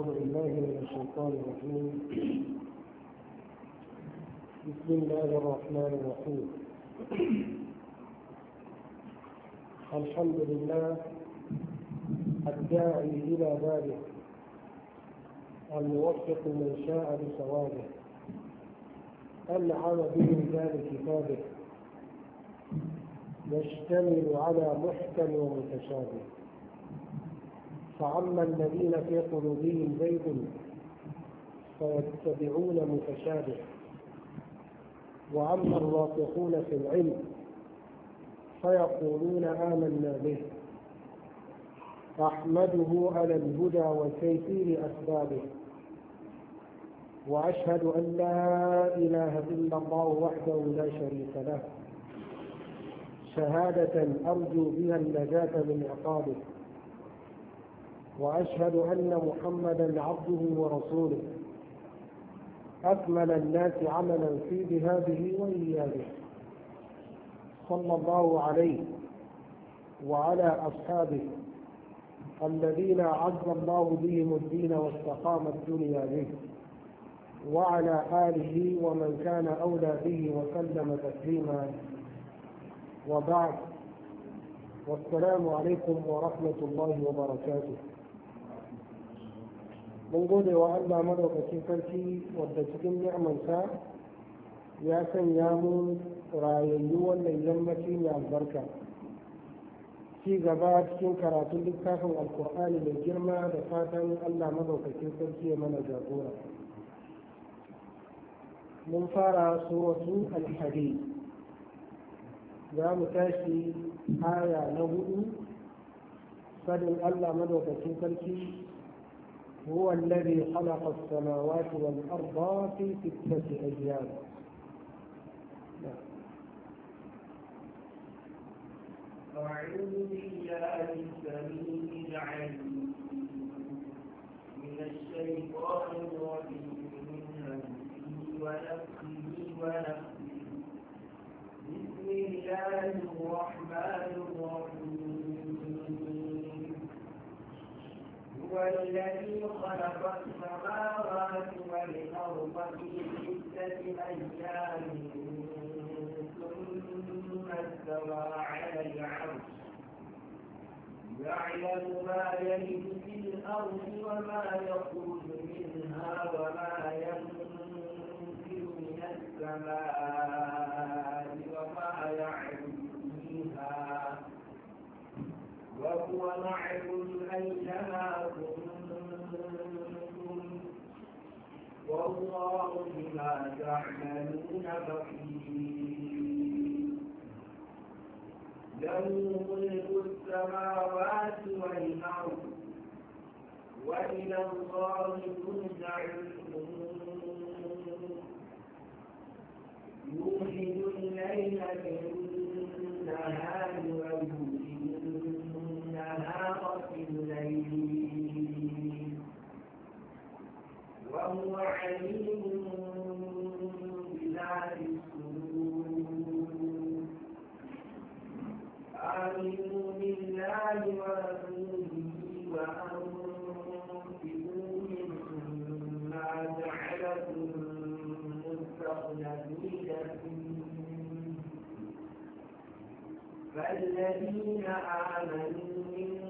أعوذ بالله من الشيطان الرجيم بسم الله الرحمن الرحيم الحمد لله الداعي إلى ذلك الموفق من شاء بصوابه أنعم به رجال كتابه يشتمل على محكم ومتشابه فأما الذين في قلوبهم زيد فيتبعون متشابه وأما الراسخون في العلم فيقولون آمنا به أحمده على الهدى وتيسير أسبابه وأشهد أن لا إله إلا الله وحده لا شريك له شهادة أرجو بها النجاة من عقابه وأشهد أن محمدا عبده ورسوله أكمل الناس عملا في ذهابه وإيابه صلى الله عليه وعلى أصحابه الذين أعز الله بهم الدين واستقام الدنيا به وعلى آله ومن كان أولى به وسلم تسليما وبعد والسلام عليكم ورحمة الله وبركاته mun gode wa allah madaukakin sarki wadda cikin ni'amansa ya sanya mu rayayyu wannan yammaci mai albarka ci gaba cikin karatun littafin alkur'ani mai girma da fatan allah madaukakin sarki ya mana jagora mun fara suratu alhadi za mu tashi haya na hudu fadin allah madaukakin sarki هو الذي خلق السماوات والأرض في ستة أيام أعوذ بالله السميع العليم من الشيطان الرجيم من همسه ونفسي ونفسي بسم الله الرحمن الرحيم هو الذي خلق السماوات والأرض في ستة أيام ثم استوى على العرش يعلم ما يلد في الأرض وما يخرج منها وما ينزل من السماء وهو معكم أينما كنتم والله بما تعملون بصير له ملك السماوات والأرض وإلى الله ترجع الأمور يوحد الليل في النهار عليهم بذات الصدور آمنوا بالله ورسوله وأنفقوا مما جعلكم مستخلفين فيه فالذين آمنوا منكم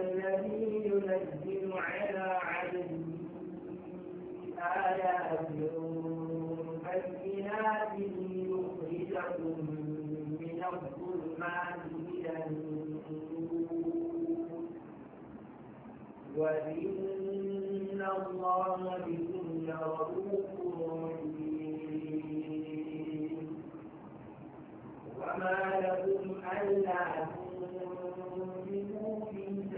الذي ينزل على عبده آيات بينات ليخرجكم من الظلمات إلى النور وإن الله بكم لرؤوف رحيم وما لكم ألا تؤمنوا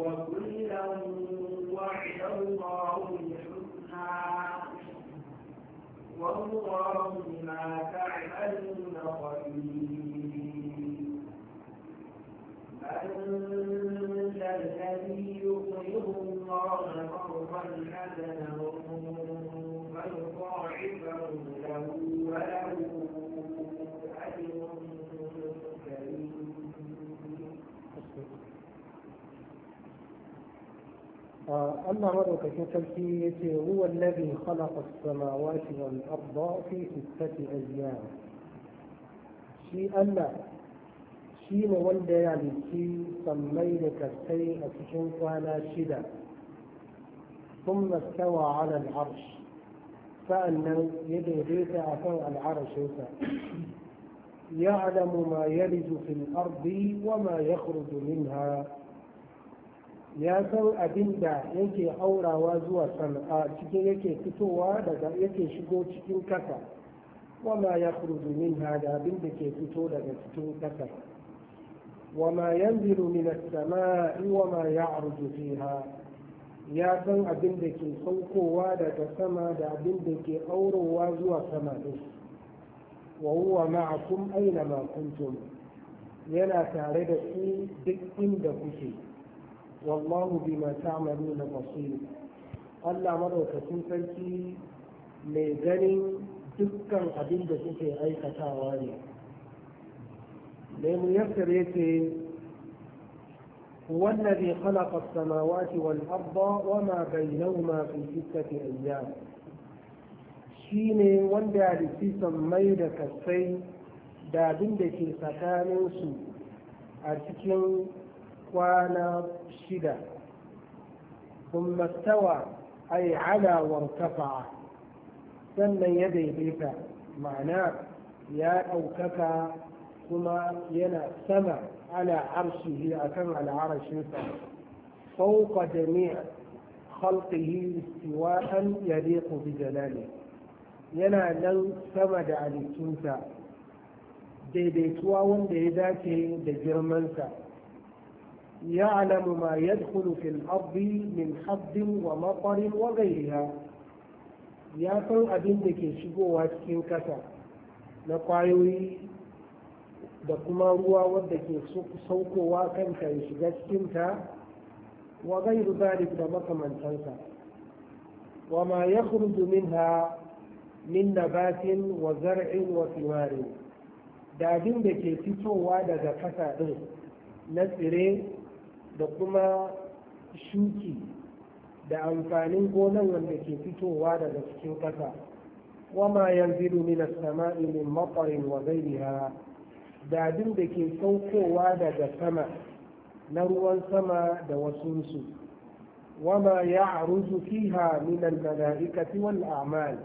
وكلا وعد الله والله بما تعملون خبير من ذا الذي يقرض الله قرضا حسنا أما رضك كتلكيته هو الذي خلق السماوات والأرض في ستة أيام شيء أما شيء والليالي يعني سميلك شيء أسجنك على شدة ثم استوى على العرش فأنه يدي بيت أثر العرش يعلم ما يلد في الأرض وما يخرج منها ya san abin da yake haurawa zuwa sana'a cikin yake fitowa daga yake shigo cikin kasa wama ya min da abin da ke fito daga cikin kasa wama yanzilu min as-sama'i wama ya'ruju fiha ya san abin da ke saukowa daga sama da abin da ke aurowa zuwa sama ne wa huwa ma'akum aina ma kuntum yana tare da su duk inda kuke wallahu bima ta'maluna basir Allah madaukakin sarki mai ganin dukkan abin da suke aikatawa ne mai muyassar yake والذي خلق السماوات والأرض وما بينهما في ستة أيام shine wanda ya rufi sammai da kasai da abin da ke tsakaninsu a cikin كوانا shida ثم استوى أي على وارتفع سن يدي بيتا معناه يا أوكفا ثم ينا سما على عرشه أكن على عرشه فوق جميع خلقه استواء يليق بجلاله ينا لن سمد على تنسى ديديتوا wanda ya dace da girmansa يعلم ما يدخل في الأرض من حد ومطر وغيرها ya san abin da ke shigowa cikin kasa na kwayoyi da kuma ruwa wadda ke saukowa kanta ya shiga cikinta wa gairu zalik da makamantansa wa ma ya minha min nabatin wa zar'in wa simarin da abin da ke fitowa daga kasa ɗin na tsire da kuma shuki da amfanin gonan wanda ke fitowa daga cikin ƙasa wama yanzilu min as-sama'i min matarin wa ghayriha da da ke saukowa daga sama na ruwan sama da wasunsu wama ya'ruju fiha min al-mala'ikati wal a'mal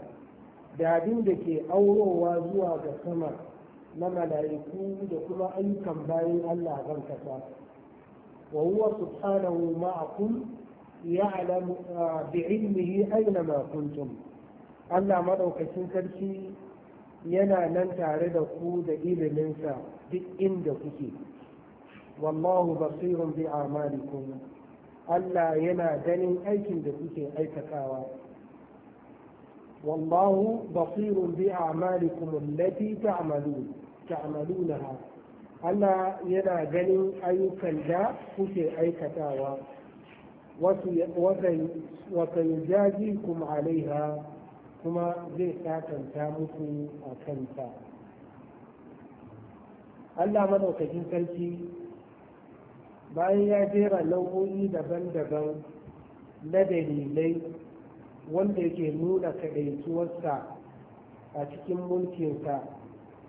da da ke aurowa zuwa ga sama na mala'iku da kuma ayyukan bayan Allah kan kasa وهو سبحانه معكم يعلم بعلمه أينما كنتم Allah maɗaukacin sarki yana nan tare da ku da iliminsa duk inda kuke. Wallahu basirun bi amalikum Allah yana ganin aikin da kuke aikatawa. Wallahu basirun bi amalikum allati ta'malun ta'malunaha Allah yana ganin ayyukan da kuke aikatawa wasan jaji kuma alaiha kuma zai sakanta muku a kanta Allah maɗaukacin sarki bayan ya jera nau'o'i daban-daban na dalilai wanda yake nuna kaɗaituwarsa a cikin mulkinsa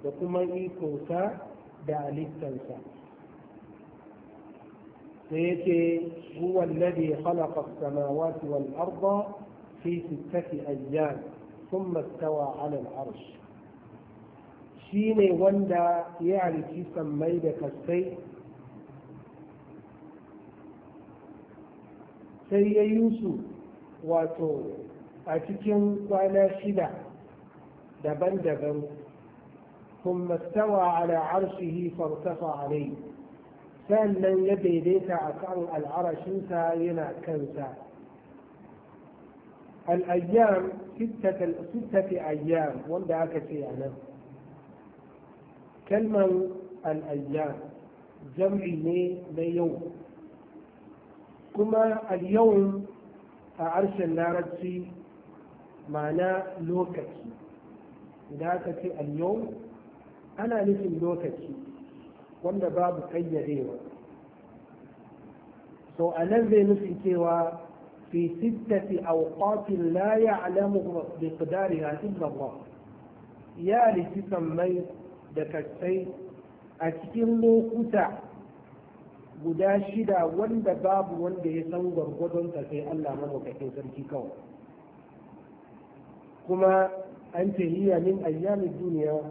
da kuma ikonsa da halittansa da yake huwa alladhi khalaqa as-samawati wal arda fi sittati ayyam thumma istawa 'ala al-'arsh shine wanda ya halici sammai da kasai sai ya yi su wato a cikin kwana shida daban-daban ثم استوى على عرشه فارتفع عليه sannan ya daidaita a kan al'arashinsa yana kansa al'ayyam sittati ayyam wanda aka ce a nan kalman al'ayyam jam'i ne na yau kuma alyau a harshen larabci ma'ana lokaci idan aka ce al'yawun ana nufin lokaci wanda babu kayyadewa so a nan zai nufin cewa fi sittati awqatin la ya'lamu miqdariha illa Allah ya liki sammai da kasai a cikin lokuta guda shida wanda babu wanda ya san gwargwadonsa sai Allah madaukakin sarki kawai kuma an ce hiya min ayyamin duniya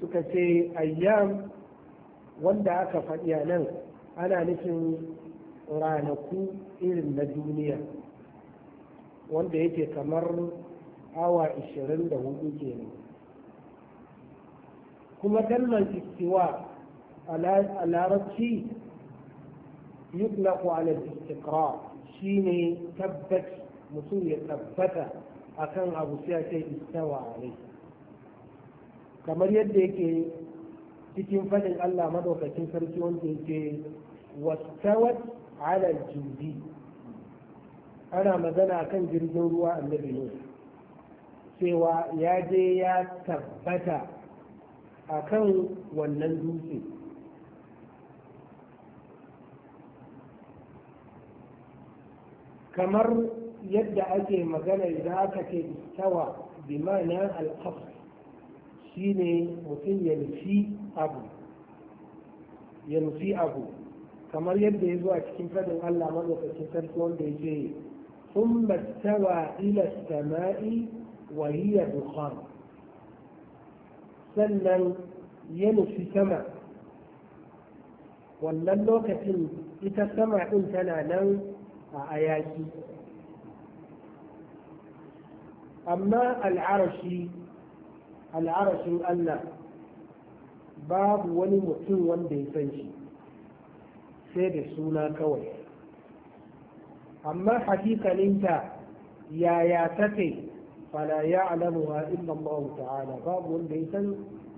suka ce ayyam wanda aka faɗi a nan ana nufin ranaku irin na duniya wanda yake kamar awa 24 kenan kuma kalmar istiwa a larabci yutlaku ala istiqra shine tabbat mutum ya tabbata akan abu sai ya ce istawa alai kamar yadda yake cikin fadin Allah madaukakin sarki wanda yake wastawat ala jundi ana magana kan jirgin ruwa annabi ne cewa ya je ya tabbata a kan wannan dutse kamar yadda ake magana idan aka ce istawa bi ma'ana al-qasr shine mutum ya nufi abu ya nufi abu kamar yadda ya zo a cikin fadin Allah madaukakin sarki wanda ya ce sun mastawa ila sama'i wa hiya dukhan sannan ya nufi sama wannan lokacin ita sama ɗin tana nan a ayaki amma al'arashi al'arashin Allah babu wani mutum wanda ya san shi sai da suna kawai amma hakikaninta yaya take fala ya alamuwa illa Allah ta'ala babu wanda ya san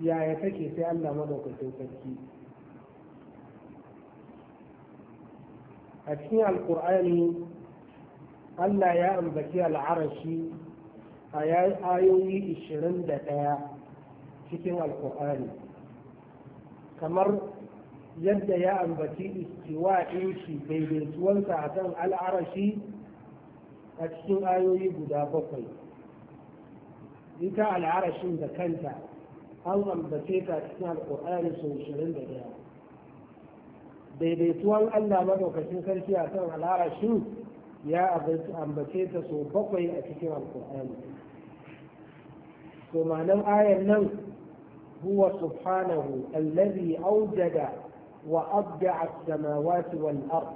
yaya take sai Allah madaukakin sarki a cikin alkur'ani Allah ya ambaci al'arashi a ayoyi 21 cikin alkur'ani kamar yadda ya ambaci istiwa shi daidaituwansa a kan al'arashi a cikin ayoyi guda bakwai ita al'arashin da kanta an ambace ta cikin alkur'ani sau 21 daidaituwan allah madaukakin sarki a kan al'arashin ya ambace ta so bakwai a cikin alkur'ani to ma'anar ayar nan huwa subhanahu allazi aujada wa abda'a samawati wal ard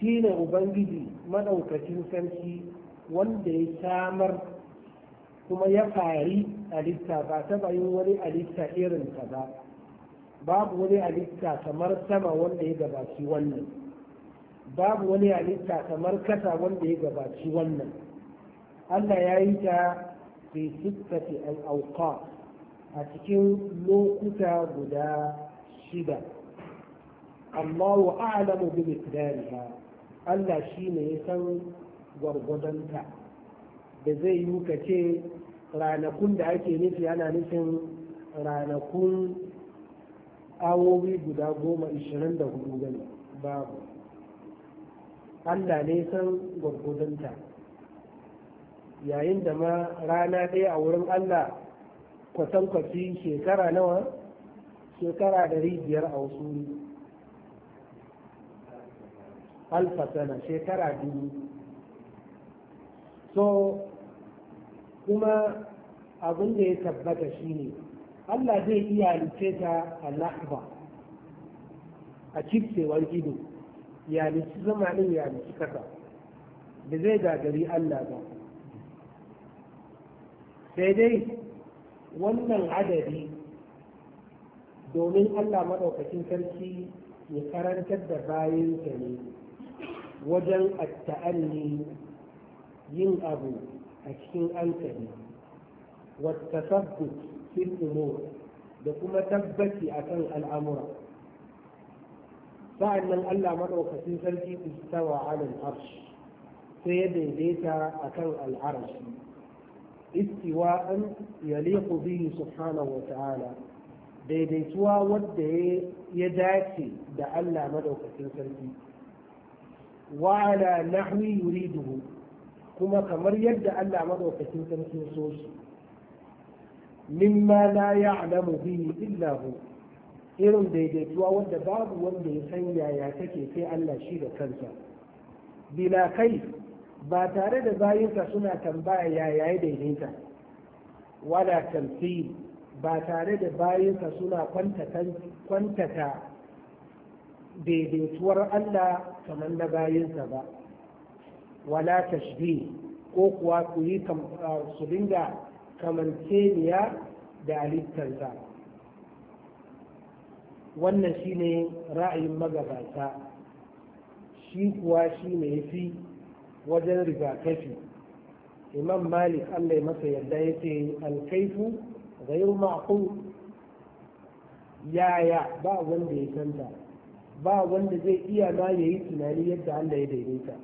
shine ubangiji madaukakin sarki wanda ya samar kuma ya fari alitta ba ta yin wani alitta irin ta ba babu wani alitta kamar sama wanda ya gabaci wannan babu wani halitta kamar kasa wanda ya gabaci wannan Allah ya yi ta fi sittati al-awqa a cikin lokuta guda shida Allahu a'lamu bi miqdariha Allah shine ya san gwargwadonta da zai yi ka ce ranakun da ake nufi ana nufin ranakun awowi guda goma ishirin da hudu gani babu Allah ne san gwargwadonta yayin da ma rana ɗaya a wurin Allah kwatan kwafi shekara nawa shekara dari biyar a wasu alfa alfasana shekara biyu. so kuma abin da ya tabbata shi ne. Allah zai iya halice ta a lahba a cifsewar ido ya zama ɗin ya nici kasa da zai gagari Allah ba sai dai wannan adadi domin Allah maɗaukacin sarki ya karantar da bayansa ne wajen ta'alli yin abu a cikin ankali wata sabbut fil umur da kuma tabbaci akan al'amura sa'an nan Allah maɗaukacin sarki istawa alal arsh sai ya daidaita a kan al'arshi istiwa'an Yaliku bihi subhanahu wa ta'ala daidaituwa wadda ya dace da Allah maɗaukacin sarki wa ala nahwi yuriduhu kuma kamar yadda Allah maɗaukacin sarki so shi mimma la mu bihi illa hu irin daidaituwa wanda babu wanda ya san yaya take sai Allah shi da kansa bila kai ba tare da bayinsa suna tambaya yaya ya daidaita wala tamthil ba tare da bayinsa suna kwantata daidaituwar Allah kamar na bayinsa ba wala tashbi, ko kuwa su yi ah, su dinga kamanceniya da halittarsa wannan shine ra'ayin magabata shi kuwa shi ne ya fi wajen rigakafi imam malik allah masa yadda ya ce alkaifu gairu ma'qul yaya ba wanda ya canza ba wanda zai iya ma ya yi tunani yadda allah ya daidaita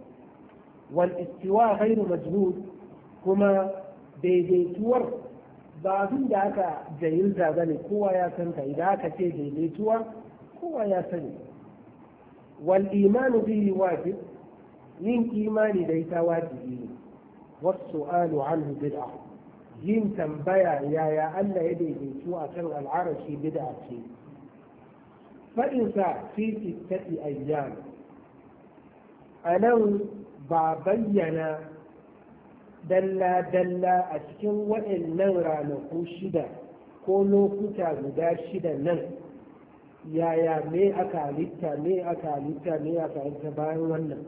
wal istiwa gairu majnun kuma daidaituwar ba abin da aka jahilta ba ne kowa ya san ka idan aka ce daidaituwa kowa ya sani wal imanu bihi wajib yin imani da ita wajibi ne والسؤال عنه bid'a yin tambaya yaya Allah ya daidaitu a kan al'arashi bid'a ce faɗinsa fi sittati ayyam a nan ba bayyana dalla dalla a cikin waɗannan ranaku shida ko lokuta guda shida nan yaya me aka halitta me aka halitta me aka halitta bayan wannan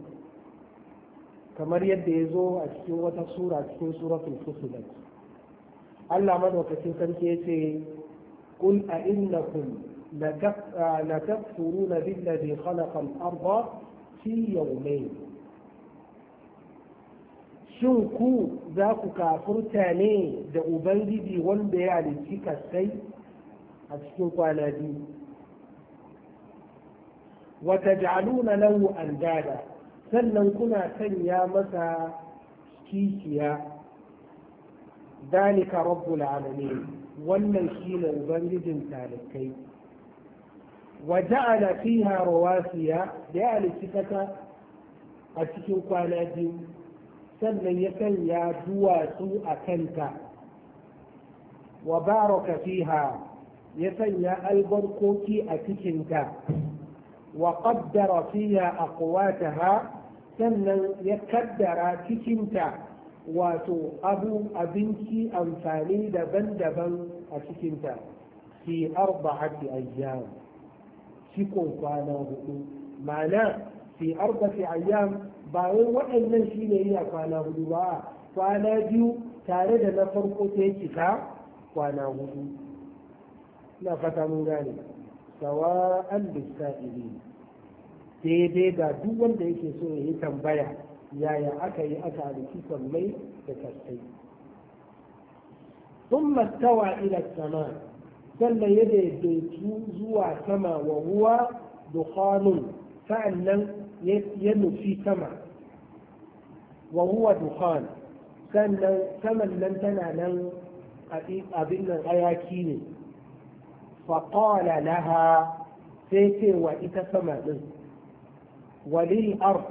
kamar yadda ya zo a cikin wata sura cikin suratul fusilat Allah madaukakin sarki ya ce قل أئنكم لتكفرون بالذي خلق الأرض في يومين shin ku za ku kafurta ne da ubangiji wanda ya halicci kasai a cikin kwana biyu wata jaluna lahu andada sannan kuna sanya masa kishiya dalika rabbul alamin wannan shine ubangijin talikai wa ja'ala fiha rawasiya da ya halicci a cikin kwana biyu sannan ya sanya duwatsu a kanta wa baraka fiha ya sanya albarkoki a cikinta wa qaddara fiha aqwataha sannan ya kaddara cikinta wato abu abinci amfani daban-daban a cikinta fi arba'ati ayyam cikon kwana hudu ma'ana fi arba'ati ayyam ba wai waɗannan shi ne a kwana hudu ba kwana biyu tare da na farko ta yake ka kwana hudu na fata mun gane sawa an lissa'ili daidai ga duk wanda yake so ya yi tambaya yaya aka yi aka halittu sammai da kasai ثم استوى ya zuwa sama wa ruwa da kwanon sa'an nan ya nufi sama. wa huwa sannan saman nan tana nan abin nan ayaki ne faƙala laha sai ce wa ita sama ɗin walil ard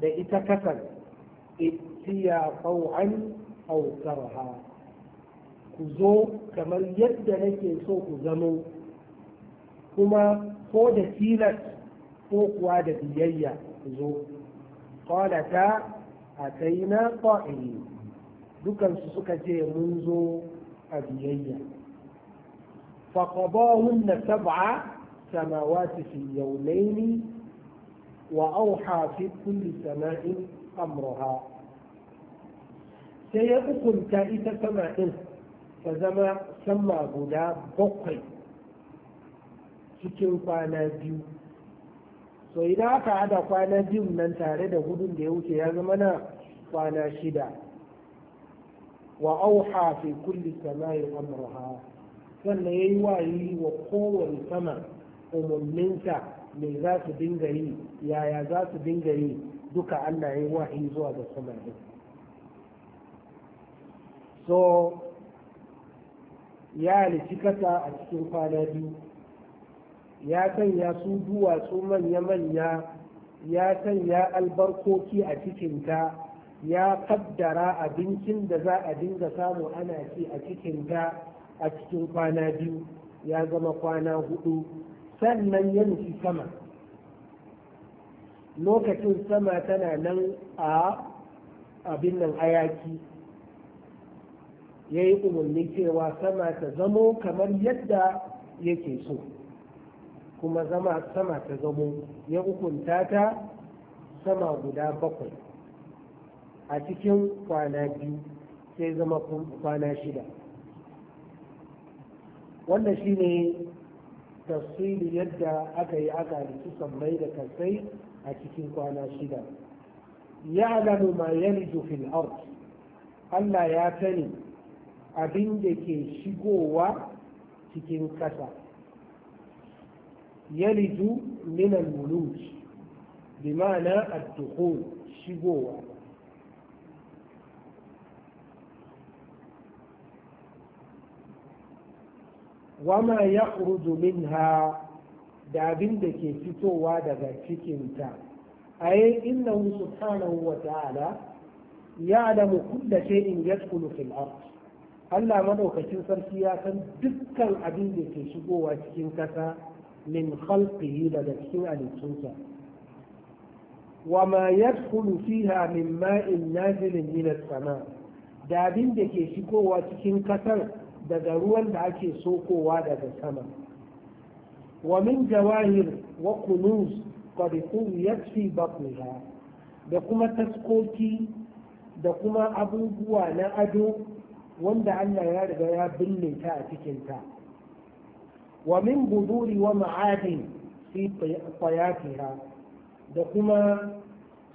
da ita kasar ittiya qaw'an aw karha ku zo kamar yadda nake so ku zamo kuma ko da silas ko kuwa da biyayya ku zo qala ta أتينا قائلين دكان سكتي منذ أبيية فقضاهن سبع سماوات في يومين وأوحى في كل سماء أمرها سيكون كائسة سماء فزما سما غدا بقي cikin فانا to idan aka hada kwana biyu nan tare da gudun da ya wuce ya zama na kwana shida wa auha fi kulli sama'i amruha sannan yayi wayi wa kowane sama umarninsa me za su dinga yi yaya za su dinga yi duka Allah ya yi zuwa ga sama din so ya halicci kasa a cikin kwana biyu ya sanya su duwatsu manya-manya ya sanya albarkoki a cikin cikinta ya kaddara abincin da za a dinga samu ana ci a cikin cikinta a cikin kwana biyu ya zama kwana hudu sannan ya nufi sama lokacin sama tana nan a abin nan ayaki ya yi umarni cewa sama ta zamo kamar yadda yake so kuma zama sama ta zamo ya hukunta ta sama guda bakwai a cikin kwana biyu sai zama kwana shida wannan shi ne tafsiri yadda aka yi aka su sammai da kasai a cikin kwana shida Ya alamu ma yalju fil ard Allah ya sani abin da ke shigowa cikin kasa يلد من الملوج بمعنى الدخول شبوة وما يخرج منها da دكي فتو وادا fitowa daga أي إنه سبحانه وتعالى يعلم كل شيء يدخل في الأرض Allah madaukakin sarki ya san dukkan abin da ke shigowa cikin kasa min khalqihi daga cikin halittunsa wa ma yadkhulu fiha min ma'in nazilin min as-sama da abin da ke shigowa cikin kasar daga ruwan da ake kowa daga sama wa min jawahir wa kunuz qad qawiyat fi batniha da kuma taskoki da kuma abubuwa na ado wanda Allah ya riga ya binne ta a cikinta. ta ومن بذور ومعادن في طياتها da kuma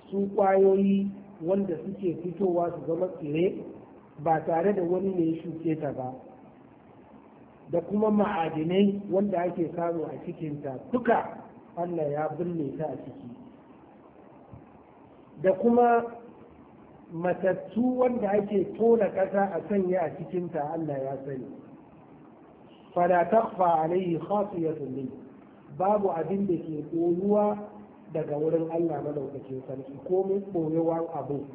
su ƙwayoyi wanda suke fitowa su zama tsire ba tare da wani ne shuke ta ba da kuma ma'adinai wanda ake samu a cikinta duka allah ya binne ta a ciki da kuma matattu wanda ake tona ƙasa a sanya a cikinta allah ya sani fala takfa alaihi khafiyatun min babu abin da ke koyuwa daga wurin Allah madaukakin sarki komai koyewan abu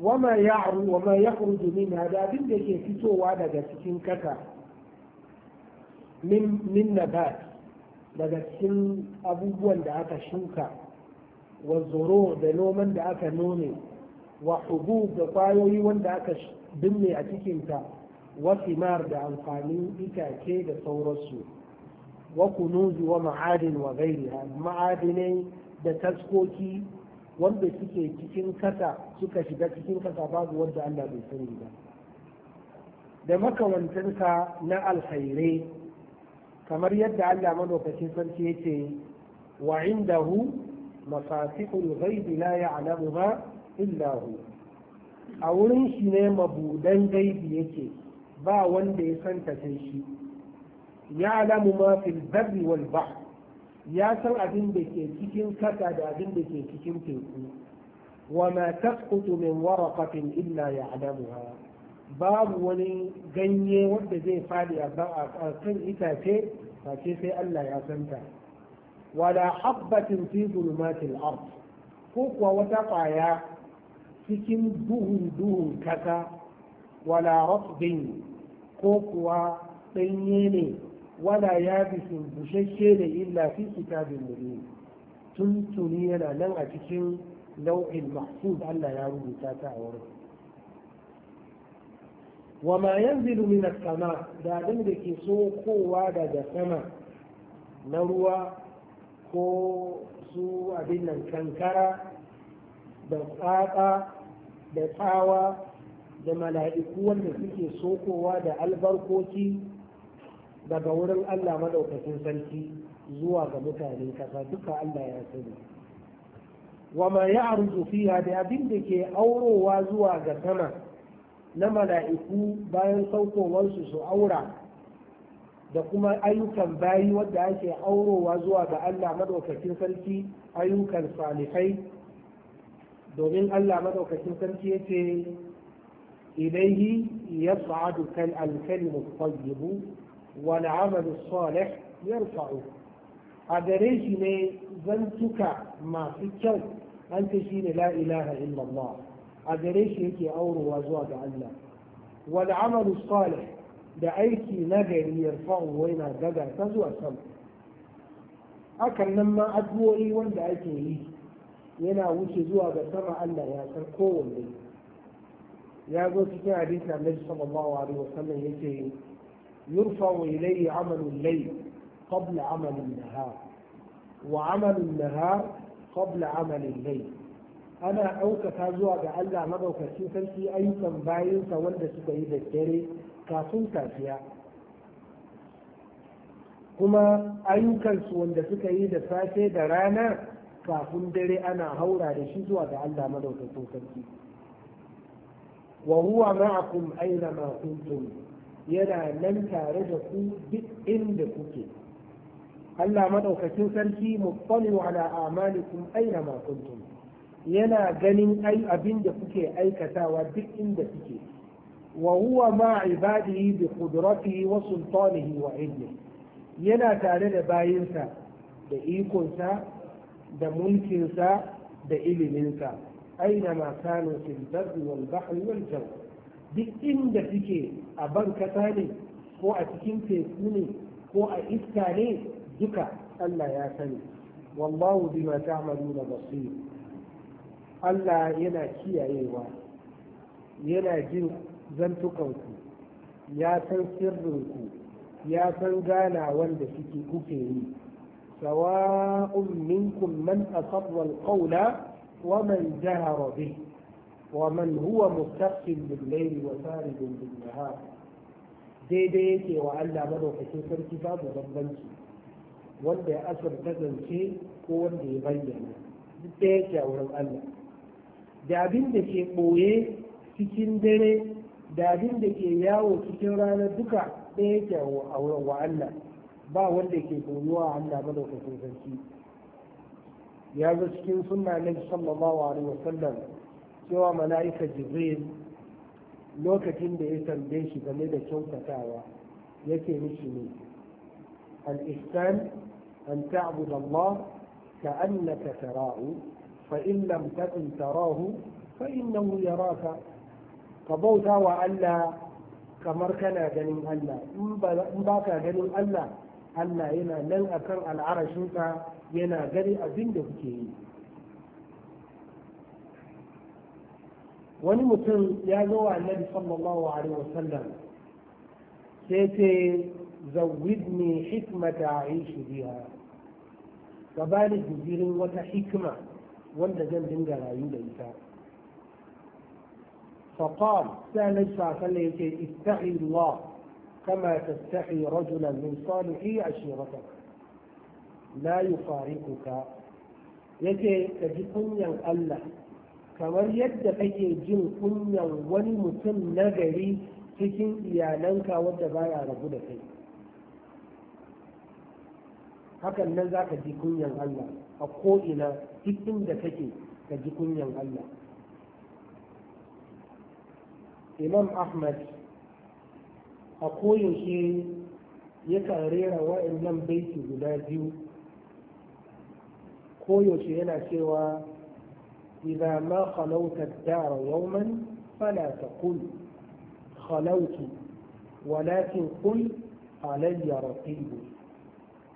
wama ya'ru wama yakhruju minha da abin da ke fitowa daga cikin kasa min min nabat daga cikin abubuwan da aka shuka wa da noman da aka nome wa da kwayoyi wanda aka binne a cikinta wa simar da amfanin itace da sauransu wa kunuzi wa ma'adin wa gairiha ma'adinai da taskoki wanda suke cikin kasa suka shiga cikin kasa babu wanda Allah bai sani ba da makamantansa na alkhairai kamar yadda Allah madaukakin sarki yake wa indahu mafatihul ghaibi la ya'lamuha illa a wurin shi ne mabudan gaibi yake ba wanda ya santa sai shi ya alamu ma fil barri wal bahr ya san abin da ke cikin kasa da abin da ke cikin teku wa ma tasqutu min waraqatin illa ya'lamuha babu wani ganye wanda zai fadi a kan itace face sai Allah ya santa wala habbatin fi zulumatil ard ko kuwa wata ƙwaya cikin duhun duhun kasa wala rafdin ko kuwa ɗanye ne wala sun bushashe ne illa fi kitabin mubin tuntuni yana nan a cikin nau'in mahsud Allah ya rubuta ta a wurin wa ma yanzilu min as-sama da abin da ke kowa daga sama na ruwa ko su abin nan kankara da tsaka da tsawa da mala'iku wanda suke sokowa da albarkoki daga wurin Allah maɗaukacin sarki zuwa ga mutane kafa duka Allah ya sani wa ma ya arzu fiya da abin da ke aurowa zuwa ga sama na mala'iku bayan saukowarsu su aura da kuma ayyukan bayi wadda ake aurowa zuwa ga Allah maɗaukacin sarki ayyukan salifai? domin Allah maɗaukacin sarki ya ce ilaihi yas'adu kal al-kalimu tayyibu wal 'amalu salih yarfa'u a gare shi ne zantuka masu kyau an ce shine la ilaha illallah a gare shi yake aurowa zuwa ga Allah Wani 'amalu salih da aiki nagari yarfa'u wa na daga ta zuwa sama hakan nan ma addu'o'i wanda ake yi yana wuce zuwa ga sama Allah ya san kowanne ya zo cikin hadisi annabi sallallahu alaihi wasallam yurfa wa ilayhi amalu al-layl qabla amali an-nahar wa amalu an-nahar qabla amali al-layl ana ɗaukaka zuwa ga Allah madaukakin sarki ayyukan bayinsa wanda suka yi da dare kafin tafiya. kuma ayyukansu wanda suka yi da safe da rana kafin dare ana haura da shi zuwa ga Allah madaukakin sarki wa huwa ma'akum aina ma kuntum yana nan tare da ku duk inda kuke Allah madaukakin sarki muttali'u ala amalikum aina ma kuntum yana ganin ai abin da kuke aikatawa duk inda kuke wa huwa ma ibadihi bi qudratihi wa sultanihi wa ilmihi yana tare da bayinsa da ikonsa da mulkinsa da iliminsa aina ma kanu fil barri wal bahri wal jaw duk inda suke a ban kasa ne ko a cikin teku ne ko a iska ne duka Allah ya sani wallahu bima ta'maluna basir Allah yana kiyayewa yana jin zantukanku ya san sirrinku ya san gana wanda suke kuke yi سواء منكم من أسر القول ومن جهر به ومن هو مستخف بالليل وسارد بالنهار دي دي كي وعلا منو حسي فرتفا مضبنتي وده أسر تزن شيء كون دي غيّن دي كي أولو ألا دابين دي كي قوي سكين دي دابين دي كي ياو سكين رانا دكا دي كي أولو ألا ba wanda ke koyuwa Allah madaukakin sarki ya zo cikin sunna na sallallahu alaihi wasallam cewa mala'ika jibril lokacin da ya tambaye shi game da kyautatawa yake miki ne al-ihsan an ta'budu Allah ka'annaka tara'u fa in lam takun tarahu fa innahu yaraka ka bauta wa Allah kamar kana ganin Allah in ba ka ganin Allah Allah yana nan akan al'arashinsa yana gani abin da kuke yi wani mutum ya zo wa annabi sallallahu alaihi wasallam sai ce zawidni hikmata aishi biha ka bani jirgin wata hikma wanda zan dinga rayu da ita فقال سأل النبي صلى الله استعي الله كما تستحي رجلا من صالح عشيرتك لا يفارقك yake ka ji kunyan Allah kamar yadda kake jin kunyan wani mutum na gari cikin iyalanka wadda baya rabu da kai hakan nan za ka ji kunyan Allah a ko'ina cikin da kake ka ji kunyan Allah imam ahmad a koyaushe yakan rera wa'annan baiti guda biyu koyaushe yana cewa إذا ما خلوت الدار يوما فلا تقل خلوت ولكن قل علي رقيب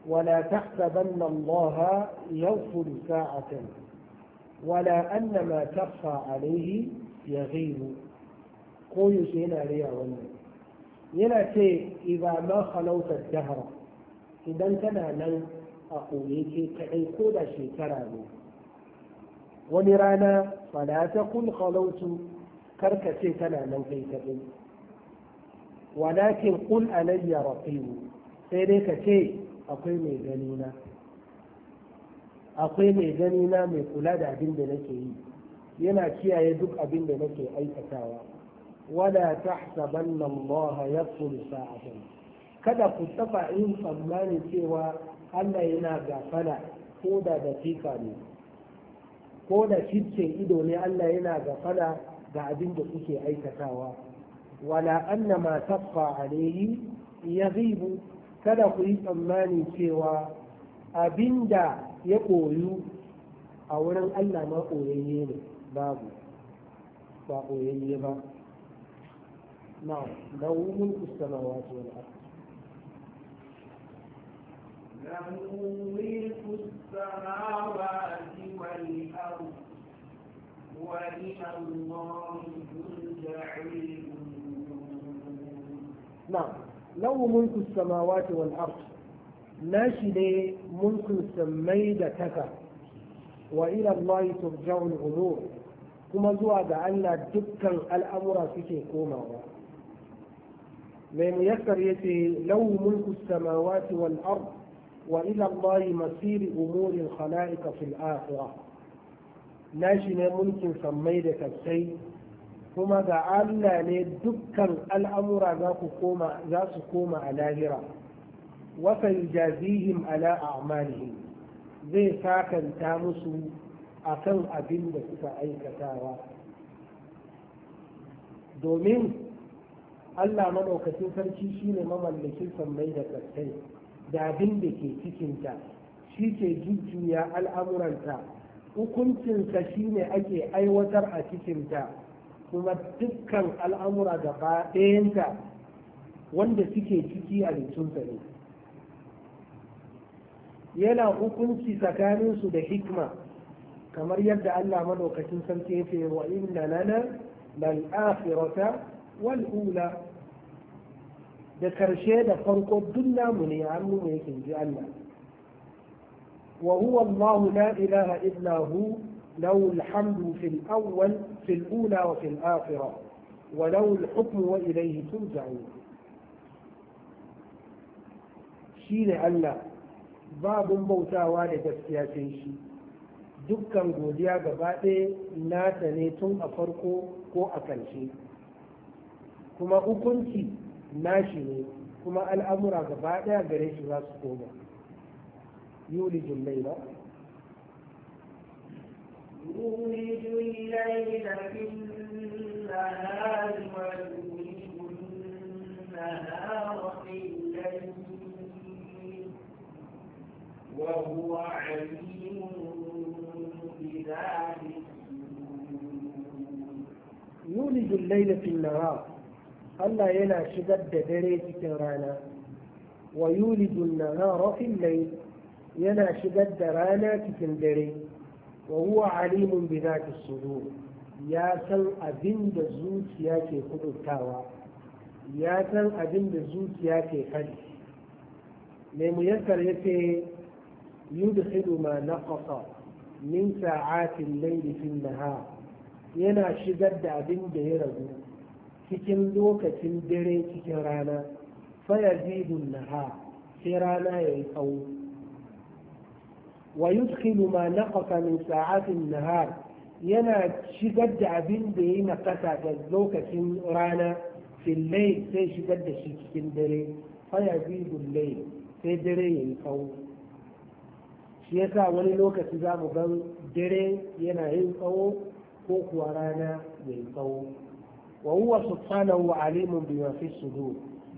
ولا تحسبن الله يغفر ساعة ولا أن ما تخفى عليه يغيب قوي سينا عليها والنبي yana ce iza ma halautar dahara idan kana nan a koye ke kaɗai ko da shekara ne wani rana fala ta kun halautu karka ce tana nan kai kaɗai walakin kun alayya raqibu sai dai ka ce akwai mai gani na akwai mai gani na mai kula da abin da nake yi yana kiyaye duk abin da nake aikatawa wala tahsabanna Allah yaqulu sa'atan kada ku taba yin tsammani cewa Allah yana gafala ko da dakika ne ko da cikin ido ne Allah yana gafala ga abin da kuke aikatawa wala anna ma yi, alayhi yaghibu kada ku yi tsammani cewa abin da ya koyu a wurin Allah ma koyayye ne babu ba koyayye ba نعم له ملك السماوات والارض له ملك السماوات والارض والى الله ترجع الامور نعم له ملك السماوات والارض ناشي لي ملك سميدة كفى والى الله ترجع الامور كما زوى ان دكا الامر فيك كومه mai muyassar ya ce lau mulku samawati wal ard wa ila Allah masiri umurin khala'iqa fil akhirah nashi ne mulkin sammai da kasai kuma ga Allah ne dukkan al'amura za koma alahira, su koma a lahira wasa yujazihim ala a'malihim zai sakanta musu kan abin da suka aikatawa domin Allah maɗaukacin sarki shine mamallakin sammai da ƙasai da abin da ke cikinta shi ke jujjuya al'amuranta hukuncinsa shi ne ake aiwatar a cikinta kuma dukkan al'amura gaba ɗayanta wanda suke ciki a littunsa ne yana hukunci tsakaninsu da hikma kamar yadda Allah maɗaukacin sarki ya ce wa inna lana lal akhirata wal ula da karshe da farko duk namu ne hannu mu yake ji Allah wa huwa Allah la ilaha illa hu lahu alhamdu fil awwal fil ula wa fil akhirah wa lahu al-hukmu wa ilayhi turja'un shi ne Allah babu bautawa da gaskiya sai shi dukkan godiya gaba ɗaya nata ne tun a farko ko a ƙarshe kuma hukunci nashi ne kuma al'amura gaba ɗaya gare shi za su koma الليل يولج الليل في النهار النهار في الليل وهو عليم بذات يولج الليل في النهار Allah yana shigar da dare cikin rana wa yulijun nahara fil layl yana shigar da rana cikin dare wa huwa alimun bi dhati sudur ya san abin da zuciya ke kudurtawa ya san abin da zuciya ke fadi mai muyassar yace yudkhilu ma naqasa min sa'atin layli fil nahar yana shigar da abin da ya ragu cikin lokacin dare cikin rana fayazidun nahar sai rana ya yi tsawo wa yudkhilu ma naqasa min sa'atin nahar yana shigar da abin da yayi kasa da lokacin rana fillai sai shigar da shi cikin dare zidun lai sai dare ya yi tsawo shi yasa wani lokaci za mu gan dare yana yin tsawo ko kuwa rana ya yi tsawo wa huwa subhanahu alimun bima fi sudur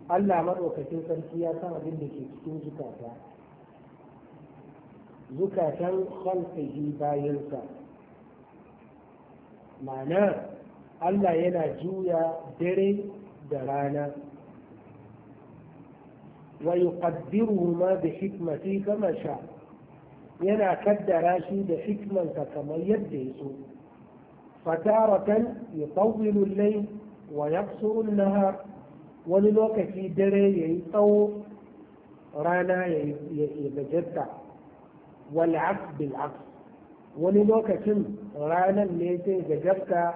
Allah madaukakin sarki ya san abin da ke cikin zukata zukatan khalqihi bayansa ma'ana Allah yana juya dare da rana wa yuqaddiruhu ma bi hikmati kama sha yana kaddara shi da hikmansa kamar yadda ya so fataratan yutawwilu al-layl wa yaqsurun nahar wani lokaci dare ya yi tsawo rana ya gajarta Wani aks bil aks wani lokacin ranar ne zai gajarta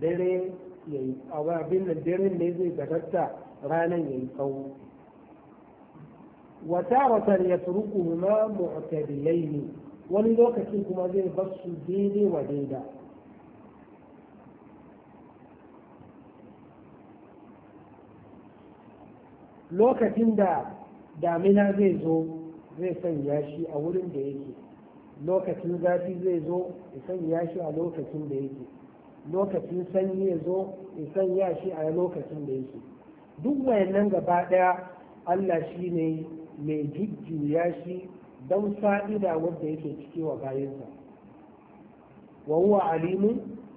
dare ya yayi abin da dare ne zai gajarta ranar yi tsawo wa taratan yatrukuhuma mu'tadilaini wani lokacin kuma zai basu su daidai wa daidai lokacin da damina zai zo zai sanya shi a wurin da yake lokacin zafi zai zo ya sanya shi a lokacin da yake lokacin sanyi ya zo ya sanya shi a lokacin da yake duk wayannan gaba daya Allah shi ne mai jujjuya shi don sa'ida wanda yake cike wa bayansa wa huwa Alimu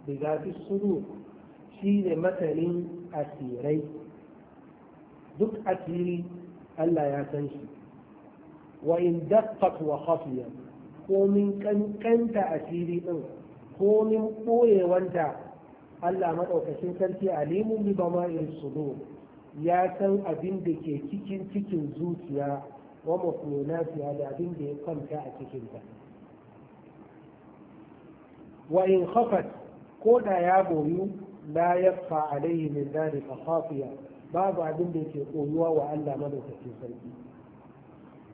bi zafi sudur shine ne masanin asirai duk asiri Allah ya san shi wa in daqqat wa khafiya komin kankanta asiri din komin boyewanta Allah madaukakin sarki alimun bi bama'ir sudur ya san abin da ke cikin cikin zuciya wa mafunatiya da abin da ya kwanta a cikinta wa in khafat ko da ya boyu la yaqfa alayhi min dhalika khafiya babu abin da yake koyuwa wa Allah madaukakin sarki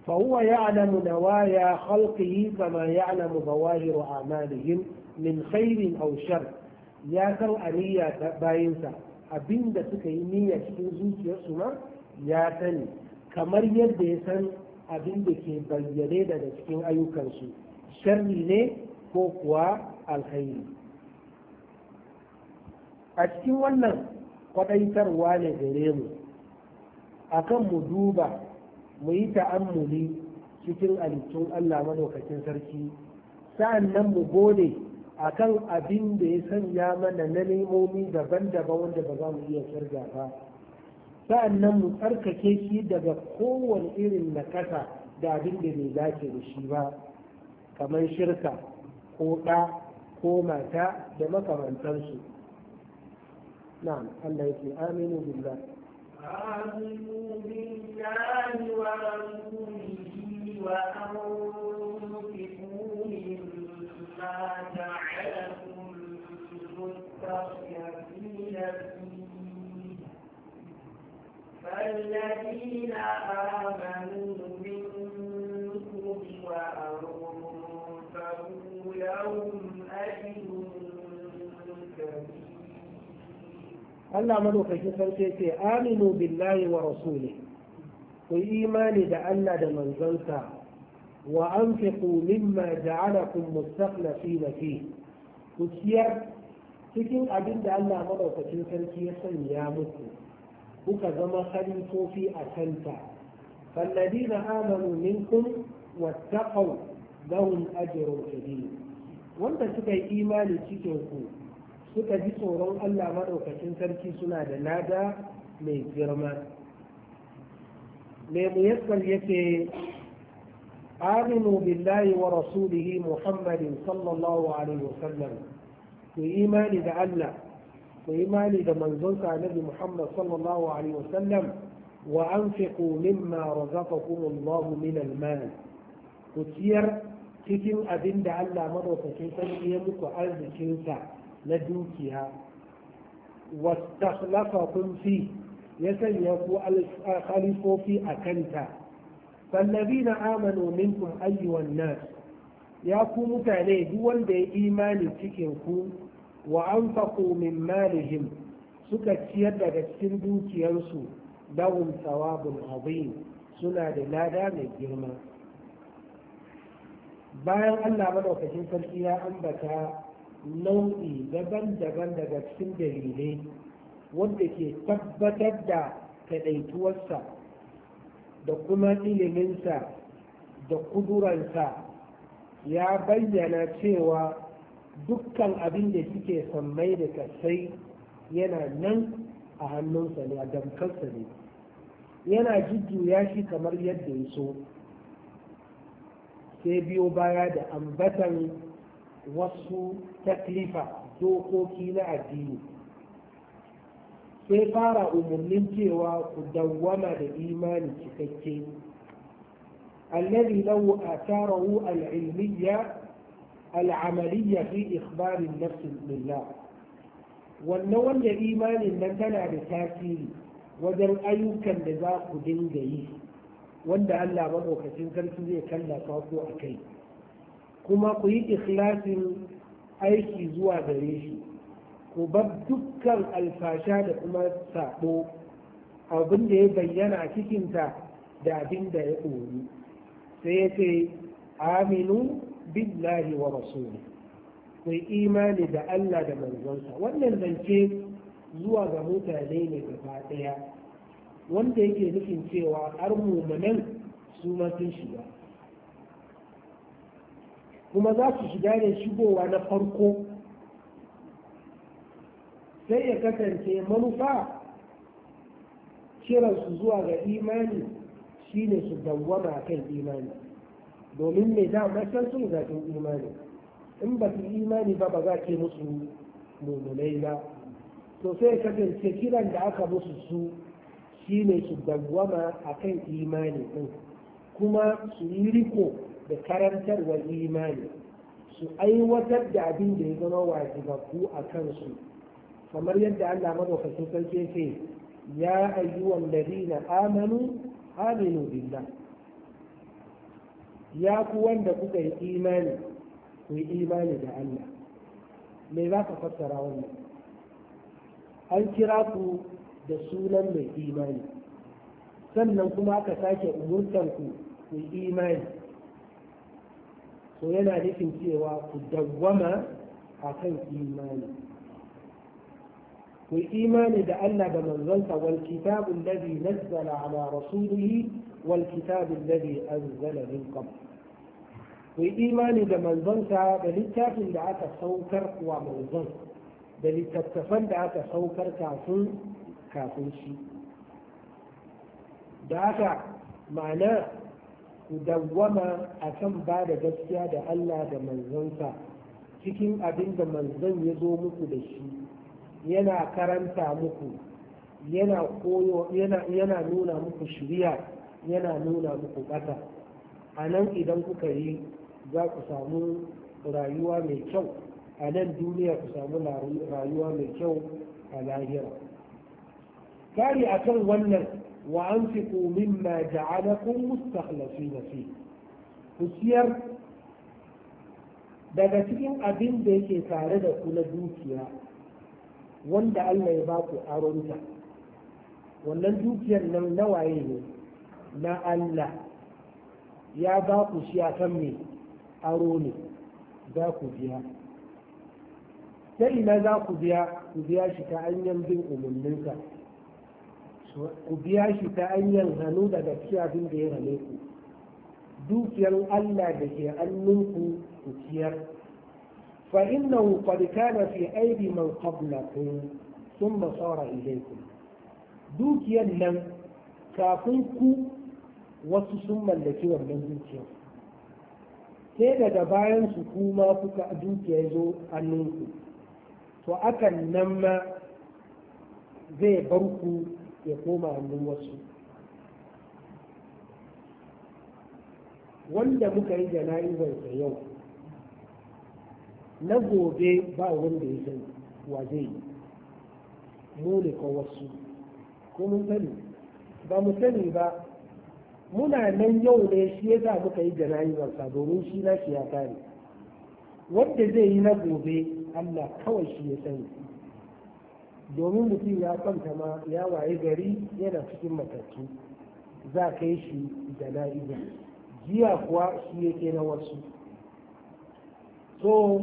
fa huwa ya'lamu nawaya khalqihi kama ya'lamu zawahir a'malihim min khairin aw shar ya san aniya sa abinda suka yi niyya cikin zuciyarsu ma ya sani kamar yadda ya san abin da ke bayyane daga cikin ayyukansu sharri ne ko kuwa alkhairi a cikin wannan kwadaitarwa ne gare mu akan mu duba mu yi ta'ammuli cikin alitun Allah madaukakin sarki sa'annan mu gode akan abin da ya sanya mana na nemomi daban-daban wanda ba za mu iya shirga ba sa'annan mu tsarkake shi daga kowane irin na nakasa da abin da bai dace da shi ba kamar shirka ko ɗa ko mata da makamantarsu نعم الذي آمنوا بالله آمنوا بالله ورسوله وأنفقوا مما جعلكم مستخلفين فيه فالذين آمنوا منكم وأنفقوا Allah madaukakin sarki ce aminu billahi wa rasuli ku imani da Allah da manzansa wa anfiqu mimma ja'alakum mustakhlifina fi ku ciyar cikin abin da Allah madaukakin sarki ya sanya muku kuka zama khalifofi a kanta falladina amanu minkum wattaqaw lahum ajrun kabir wanda suka yi imani cikin ku suka ji tsoron Allah maɗaukacin sarki suna da lada mai girma. Mai muyassar yake aminu billahi wa rasulihi Muhammadin sallallahu alaihi wasallam ku imani da Allah ku imani da manzonsa Annabi Muhammad sallallahu alaihi wasallam wa anfiqu mimma razaqakum Allah min al-mal ku ciyar cikin abin da Allah madaukakin sarki ya muku arzikinsa na dukiya wastakhlafakun fi ya sanya ku alifofi a kanta na amanu minkum ayyuhan nas ya ku mutane duk wanda ya imani cikin ku wa anfaqu min malihim suka ciyar daga cikin dukiyarsu lahum thawabun azim suna da lada mai girma bayan Allah madaukakin sarki ya ambata nau'i daban-daban daga cikin dalilai wanda ke tabbatar da kaɗaituwarsa da kuma iliminsa da kuduransa ya bayyana cewa dukkan abin da suke sammai da kasai yana nan a hannunsa ne a damkarsa ne yana jujjuya shi kamar yadda ya so sai biyo baya da ambatan وصف تكلفة دوكو كيلا الدين سيقارا أممنتي ودوما لإيمان تكتين الذي لو آثاره العلمية العملية في إخبار النفس لله والنوان الإيمان نتنع بتاكيل ودل أيوكا لذاق دين جيه وان ده ألا مضوك سنكرت لي كلا صوته kuma ku yi ikhlasin aiki zuwa gare shi ku bar dukkan alfasha da kuma sabo abin da ya bayyana a cikinta da abin da ya koyi sai ya ce aminu billahi wa rasuli ku yi imani da Allah da manzonsa wannan zance zuwa ga mutane ne gaba ɗaya wanda yake nufin cewa har mumanan su ma sun shiga kuma za su shiga ne shigowa na farko sai ya kasance manufa kiransu zuwa ga imani shine su dawwama kan imani domin mai da masan sun zafin imani in ba su imani ba ba za ke musu mummunai ba to sai ya kasance kiran da aka musu su shine su dawwama a kan imani din, kuma su yi riko da karantarwar imani su aiwatar da abin da ya zama wajibabbu a kansu kamar yadda Allah madaukakin sarki ce ya ayyuwan ladina amanu aminu billah ya ku wanda kuka yi imani ku yi imani da Allah me za ka fassara wannan an kira ku da sunan mai imani sannan kuma aka sake umurtanku ku yi imani to yana nufin cewa ku dawwama a kan imani ku imani da Allah da manzonsa wal kitabun ladhi nazzala ala rasulihi wal kitabun ladhi anzala min qabl ku imani da manzonsa da littafin da aka saukar wa manzon da littattafan da aka saukar kafin kafin shi da aka ma'ana ku dawwama a kan ba da gaskiya da Allah da manzonsa cikin abin da manzon ya zo muku da shi yana karanta muku yana koyo yana nuna muku shirya yana nuna muku ƙasa a nan idan kuka yi za ku samu rayuwa mai kyau a nan duniya ku samu rayuwa mai kyau a lahira kari a kan wannan وأنفقوا مما جعلكم مستخلفين فيه كسير daga cikin abin da yake tare da ku na dukiya wanda Allah ya baku aronta wannan dukiyar nan nawaye ne na Allah ya baku shi a kan me aro ne za ku biya ta ina za ku biya ku biya shi ta hanyar bin umarninsa ku biya shi ta hanyar hannu daga cikin abin da ya rame ku dukiyar Allah da ke hannunku ku ciyar fa innahu qad kana fi aidi man qablakum thumma sara ilaykum dukiyar nan kafin ku wasu sun mallaki wannan dukiyar sai daga bayan su kuma kuka dukiyar zo hannunku to akan nan ma zai bar ku ya koma hannun wasu wanda muka yi jana'izarsa yau na gobe ba wanda ya sani wa zai yi mu ne ko wasu ko mun sani ba mu sani ba muna nan yau ne shi ya sa muka yi jana'izarsa domin shi na shi ya kare wanda zai yi na gobe Allah kawai shi ya sani domin mutum ya kwanta ma ya waye gari yana cikin matattu za ka yi shi na'iza jiya kuwa shi yake na wasu so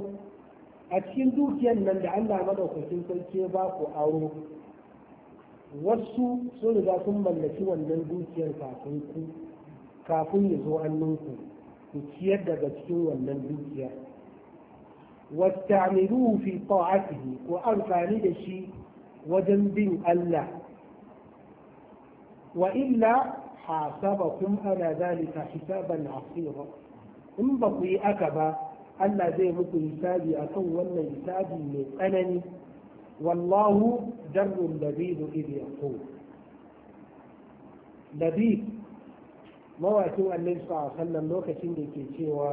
a cikin dukiyar nan da allah madaukakin sarki ba ku aro wasu sun riga sun mallaki wannan dukiyar kafin ku kafin ya zo hannunku ku ciyar daga cikin wannan dukiyar wasta'miluhu fi ta'atihi ko amfani da shi wajen bin Allah wa illa hasabakum ala zalika hisaban asira in ba ku yi aka ba Allah zai muku hisabi akan wannan hisabi mai tsanani wallahu darrul labid idh yaqul labid mawakin annabi sallallahu alaihi wasallam lokacin da ke cewa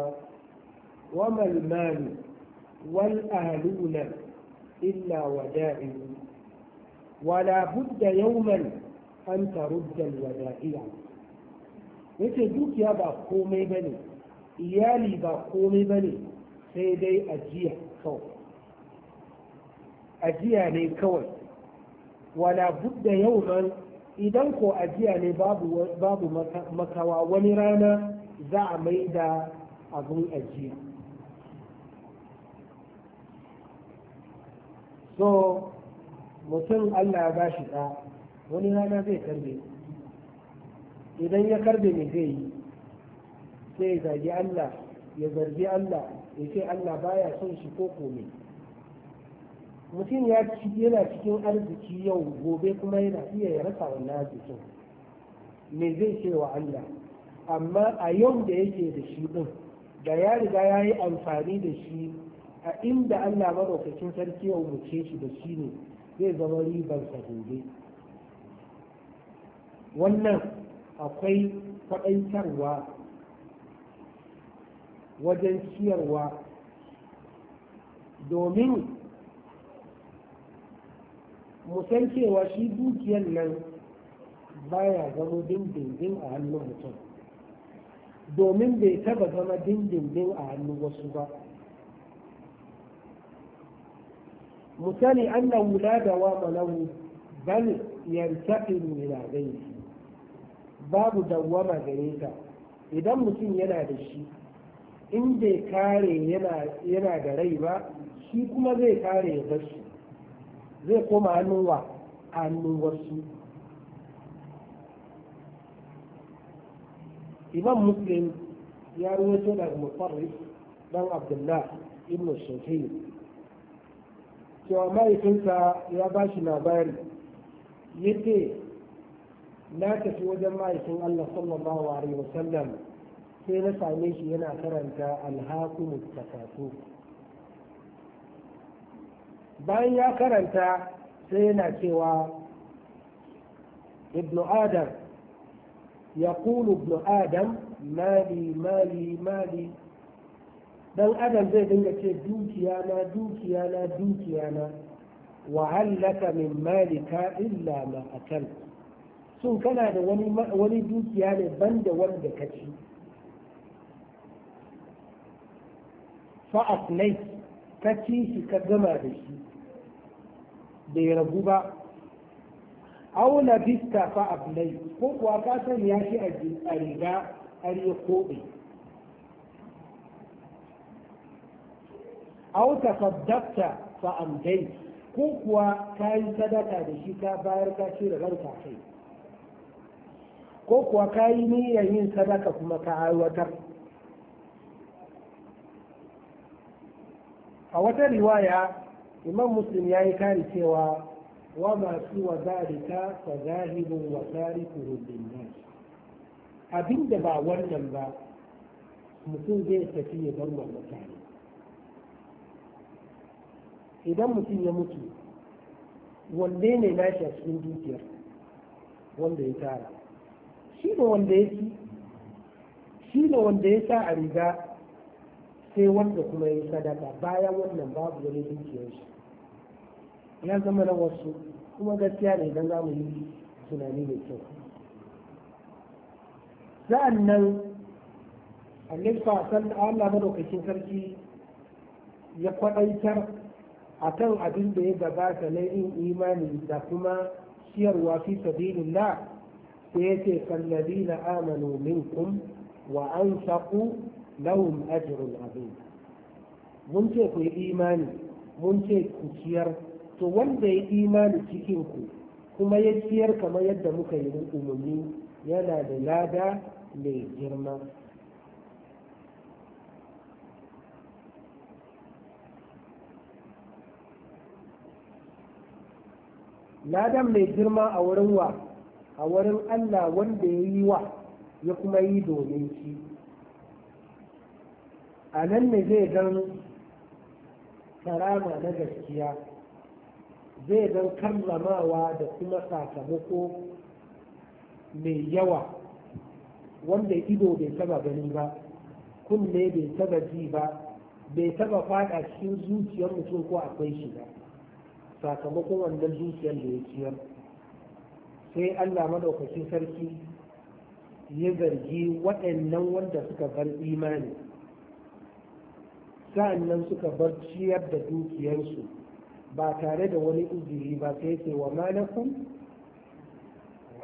wa mal wal ahluna illa wada'in wala budda yawman an tarudda alwada'iya yace dukiya ba komai ba ne, iyali ba komai ba ne, sai dai ajiya kawai ajiya ne kawai wala budda man idan ko ajiya ne babu babu makawa wani rana za a mai da abin ajiya so mutum Allah ya bashi ɗa wani rana zai karbe idan ya karbe me zai yi sai ya zagi Allah ya zargi Allah ya ce Allah baya son shi ko kome mutum ya yana cikin arziki yau gobe kuma yana iya ya rasa wannan arzikin me zai ce wa Allah amma a yau da yake da shi ɗin da ya riga ya yi amfani da shi a inda Allah maɗaukacin sarki ya umarce shi da shi ne zai zama ribar gobe wannan akwai faɗaitarwa wajen ciyarwa domin musan cewa shi dukiyar nan baya zama dindindin a hannun mutum domin bai taba zama dindindin a hannun wasu ba mu sani annahu la dawama lahu bal yantaqilu ila ghayrihi babu dawama gare ta idan mutum yana da shi in bai kare yana da rai ba shi kuma zai kare ya bar zai koma hannuwa wa hannun wasu imam muslim ya ruwaito daga mutarrif dan abdullah ibn shafi'i cewa mahaifinsa ya ba shi labari ya ce na tafi wajen mahaifin Allah sallallahu alaihi wasallam sai na same shi yana karanta alhakumu takatu bayan ya karanta sai yana cewa ibnu adam يقول ابن آدم mali-mali-mali. dan adam zai dinga ce dukiya na dukiya na dukiya na wa hallaka min malika illa ma akal sun kana da wani wani dukiya ne banda wanda ka ci fa ka ci shi ka gama da shi bai rabu ba aw bista fa ko kuwa ka ya shi a riga an yi kobe aw tasaddaqta fa amdai ko kuwa ka yi sadaka da shi ka bayar ka ce da ranka kai ko kuwa ka yi niyyar yin sadaka kuma ka aiwatar a wata riwaya imam muslim ya yi kari cewa wa masu wa zalika fa zahibun wa tarikuhu linnas abinda ba wannan ba mutum zai tafi ya bar wa mutane idan mutum ya mutu wanne ne nashi a cikin dukiyar wanda ya tara shi ne wanda ya ci shi ne wanda ya sa a riga sai wanda kuma ya sadaka bayan wannan babu wani dukiyar shi ya zama na wasu kuma gaskiya ne idan za mu yi tunani mai kyau za'an nan a fa san Allah madaukakin sarki ya kwadaitar akan abin da ya gabata na yin imani da kuma ciyarwa fi sabilillah sai yace kallabina amanu minkum wa anfaqu lahum ajrun azim mun ce ku yi imani mun ce ku ciyar to wanda ya imani cikin ku kuma ya ciyar kamar yadda muka yi umarni yana da lada mai girma ladan mai girma a wurin wa a wurin Allah wanda ya yi wa ya kuma yi domin shi a nan ne zai dan karama na gaskiya zai dan karramawa da kuma sakamako mai yawa wanda ido bai taba gani ba kunne bai taba ji ba bai taba faɗa cikin zuciyar mutum ko akwai shi ba sakamakon wannan dukiyar da ya ciyar sai Allah madaukakin sarki ya zargi waɗannan wanda suka bar imani sa'annan suka bar ciyar da dukiyarsu ba tare da wani uzuri ba sai ce wa malakum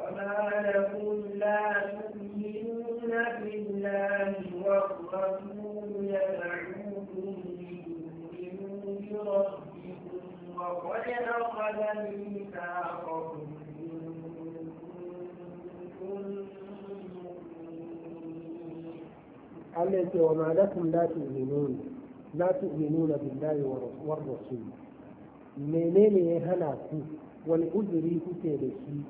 وما لكم لا تؤمنون بالله والرسول يدعوكم لتؤمنوا وقد أخذ ميثاقكم التي وما لكم لا تؤمنون لا تؤمنون بالله والرسول منين يهلاكوا ولأجري كتابتي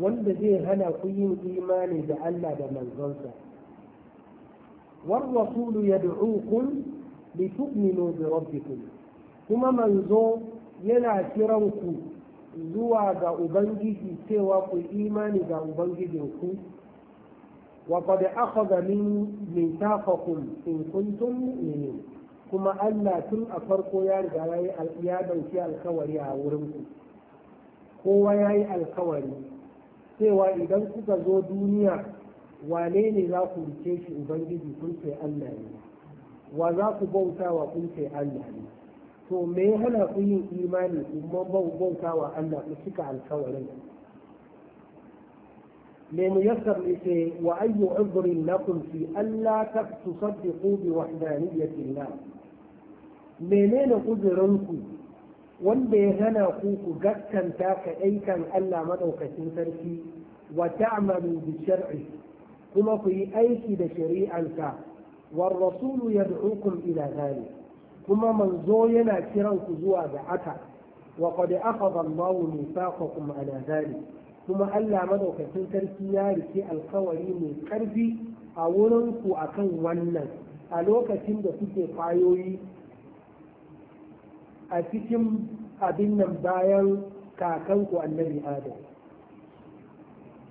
والذي هلاكوا يم إيمان بألا بمن زلت والرسول يدعوكم لتؤمنوا بربكم ثم من زلت yana kiran ku zuwa ga ubangiji cewa ku imani ga ubangijinku wa qad akhadha min mithaqakum in kuntum mu'minin kuma Allah tun a farko ya riga ya dauki alkawari a wurinku kowa ya yi alkawari cewa idan kuka zo duniya wane ne za ku rike shi ubangiji kun ce Allah ne wa za ku bauta wa kun ce Allah ne to me hana ku yin imani kuma bauta wa Allah ku cika alkawarin me mu yassar ne ce wa ayyu uzrin lakum fi alla tusaddiqu bi wahdaniyatillah menene uzurin ku wanda ya hana ku ku gaskanta ka aikan Allah madaukakin sarki wa ta'malu bi shar'i kuma ku yi aiki da shari'anka والرسول يدعوكم إلى ذلك kuma manzo yana kiran ku zuwa ga haka wa qad akhadha Allahu mithaqakum ala dhalik kuma Allah madaukakin sarki ya rike alkawari mai karfi a wurin ku akan wannan a lokacin da suke kwayoyi a cikin abin nan bayan kakanku annabi Adam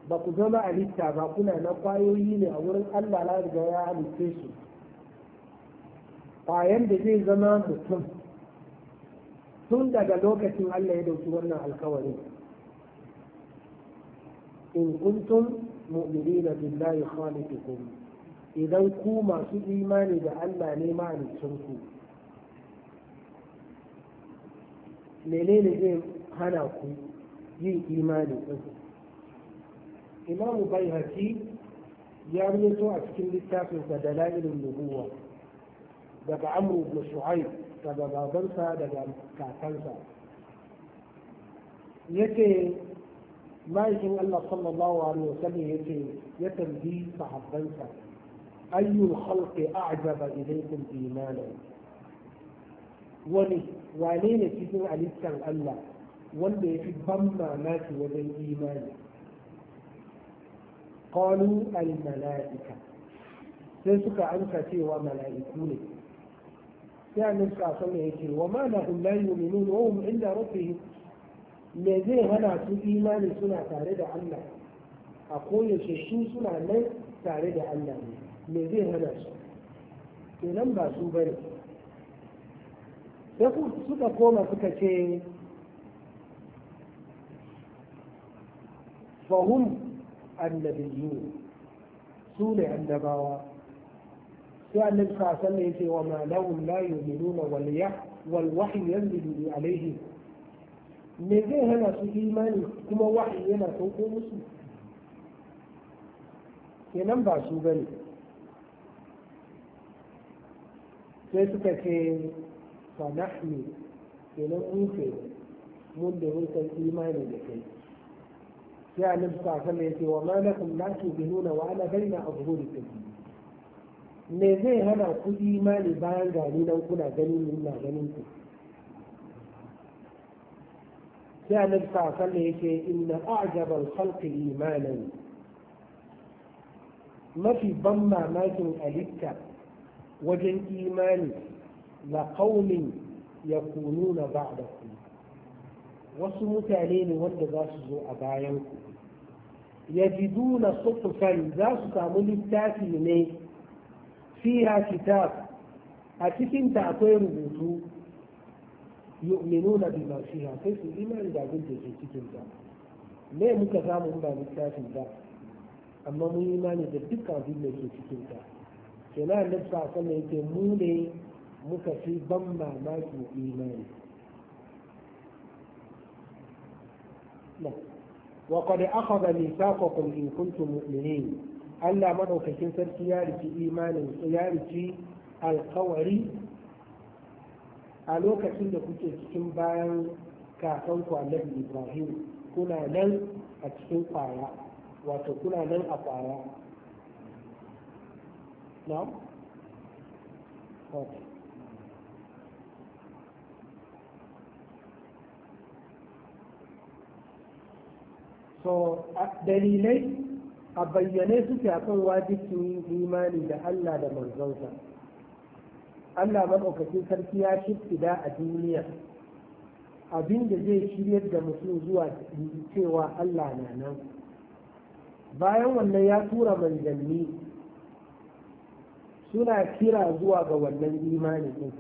ba ku zama a ba kuna na kwayoyi ne a wurin Allah na riga ya halitte su kwayan da zai zama mutum tun daga lokacin Allah ya dauki wannan alkawari in kuntum mu'minina billahi khaliqukum idan ku masu imani da Allah ne ma'anicin ku menene zai hana ku yin imani din imamu bai ya rinto a cikin littafin da la'ilin nubuwa daga amru ibn shu'aib daga babansa daga kakansa yace ma'aikin Allah sallallahu alaihi wasallam yace ya tambi sahabbansa ayyul khalqi a'jaba ilaykum imanan wani wane ne cikin halittar Allah wanda ya fi ban mamaki wajen imani qalu al mala'ika sai suka amsa cewa mala'iku ne sai annabi sa sallallahu alaihi wasallam wa ma lahum la yu'minun wa hum inda rabbihim me zai hana su imani suna tare da Allah a koyaushe su suna nan tare da Allah ne me zai hana su kenan ba su bane sai suka koma suka ce fahim annabiyyu su ne annabawa sai annabi sa sallan yace wa ma lahum la yu'minuna wal ya wal wahyu yanzilu alaihim me zai hana su imani kuma wahayi yana sauko musu kenan ba su bane sai suka ce fa nahnu kenan mun ke mun da mun san imani da kai sai annabi sa sallan yace wa ma lakum la tu'minuna wa ana baina adhhurikum me zai hana ku imani bayan gani nan kuna gani ni na ganin ku sai annabi sa sallah yake inna a'jaba al-khalqi imanan mafi ban mamakin halitta wajen imani la qaumin yakununa ku. wasu mutane ne wanda za su zo a bayan ku yajiduna suqufan za su samu littafi ne fiha kitab a cikinta akwai rubutu yu'minuna bima fiha sai su imani da abin da ke cikin ta me muka samu ba littafin ba amma mun imani da duk abin da ke cikin ta kenan annabi sallallahu alaihi yake mu ne muka fi ban mamaki imani وقد أخذ ميثاقكم إن كنتم مؤمنين Allah madaukakin sarki ya riki imanin ya riki alkawari a lokacin da kuke cikin bayan kakan annabi Ibrahim kuna nan a cikin kwaya wato kuna nan a kwaya na? Okay. so dalilai a bayyane suke a kan wajibcin yin imani da Allah da manzonsa Allah maɗaukacin sarki ya shifida a duniya abin da zai shiryar da mutum zuwa cewa Allah na nan bayan wannan ya tura manzanni suna kira zuwa ga wannan imani din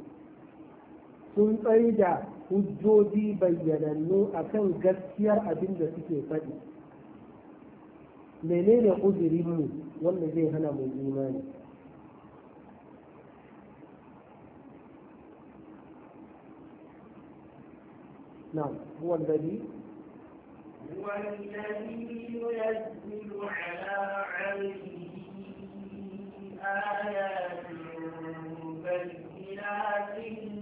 sun tsaye da hujjoji bayyanannu a kan gaskiyar abin da suke faɗi. menene uzurin mu wanda zai hana mu imani نعم هو الذي هو الذي ينزل على عبده آيات بينات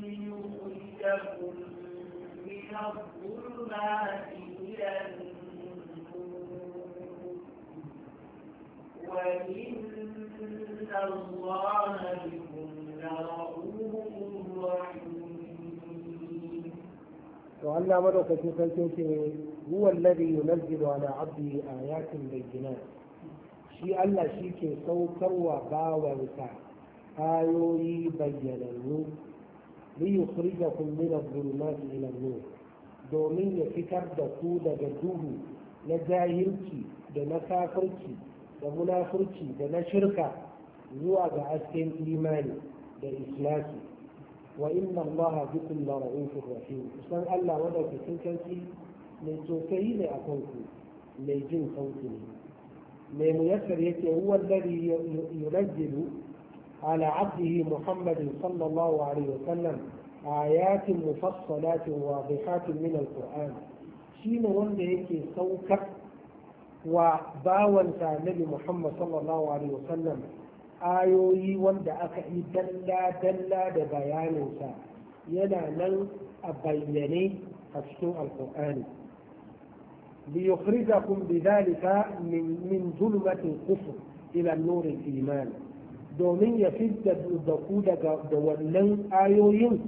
يخرجكم من الظلمات إلى النور وإن الله بكم لرؤوف رحيم وعلى ملكة تلك هو الذي ينزل على عبده آيات بينات shi Allah shi ke saukarwa bawansa ayoyi bayyanannu liyukhrijakum min adh-dhulumati ila an-nur domin ya fitar da ku daga duhu na jahilci da na kafirci da munafurci da na shirka zuwa ga hasken imani da islasi wa inna Allah bikum la ra'ufur rahim san Allah wanda ke cikin mai tsokayi ne a kanku mai jin sauki ne mai muyassar yake huwa alladhi yunazzilu ala abdihi muhammadin sallallahu alaihi wa sallam آيات مفصلات واضحات من القرآن شين wanda yake saukar. wa bawanta nabi muhammad sallallahu alaihi wasallam ayoyi wanda aka yi dalla-dalla da bayanin bayaninsa yana nan a bayyane a cikin alkur'ani liyukhrijakum bidhalika min zulmatil kufr ila nuril iman domin ya fidda da ku daga da wannan ayoyin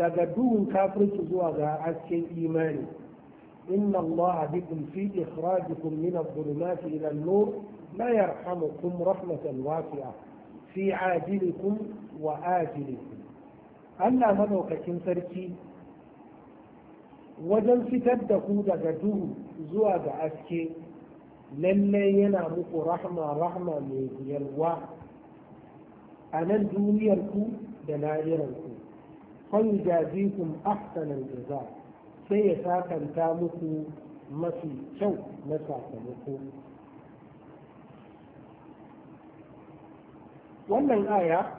daga duhun kafirci zuwa ga askin imani إن الله بكم في إخراجكم من الظلمات إلى النور لا يرحمكم رحمة واسعة في عاجلكم وآجلكم ألا منوك كنسرتي وجل ستد قود جدور زواج أسكي لن ينامك رحمة رحمة من يلوى أنا الدنيا الكون دلائركم فيجازيكم أحسن الجزاء sai ya sakanta muku mafi kyau na sakamako wannan aya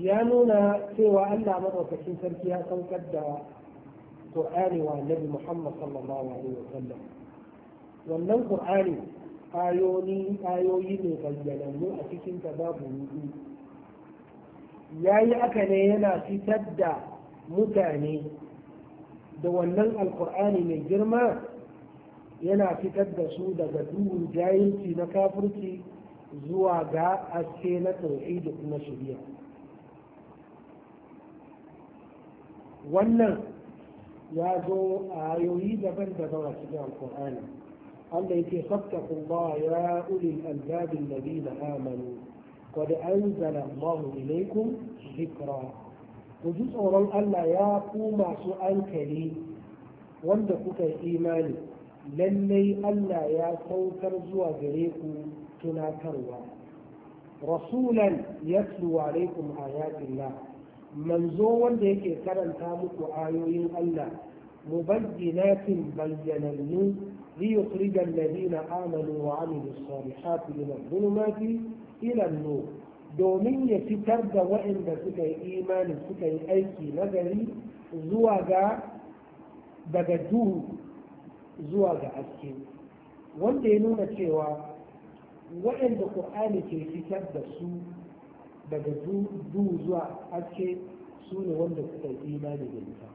ya nuna cewa allah maɗaukacin sarki ya saukar da ƙur'ani wa Nabi muhammad sallallahu alaihi wa sallam. wannan ƙur'ani ayoyi ayoyi ne bayyanannu a cikin ta babu wudu ya yi aka ne yana fitar da mutane da wannan alkur'ani mai girma yana fitar da su daga duhun jayinci na kafirci zuwa ga aske na tauhidi na shirya wannan ya zo a yoyi daban-daban a cikin alkur'ani Allah yake fattakun ba ya ulil albabin ladina amanu qad anzala Allahu ilaykum dhikra ku ji tsoron Allah ya ku masu ankali wanda kuka yi imani lallai Allah ya saukar zuwa gare ku tunatarwa rasulan yatlu alaikum ayatillah manzo wanda yake karanta muku ayoyin Allah mubayyinatin bayyanannu liyukhrija alladhina amanu wa amilu salihati min adh-dhulumati ila an-nur domin ya fitar da waɗanda suka yi imani suka yi aiki nagari zuwa ga daga duhu zuwa ga aske wanda ya nuna cewa waɗanda ƙur'ani ke fitar da su daga duhu zuwa aske su ne wanda suka yi imani da ita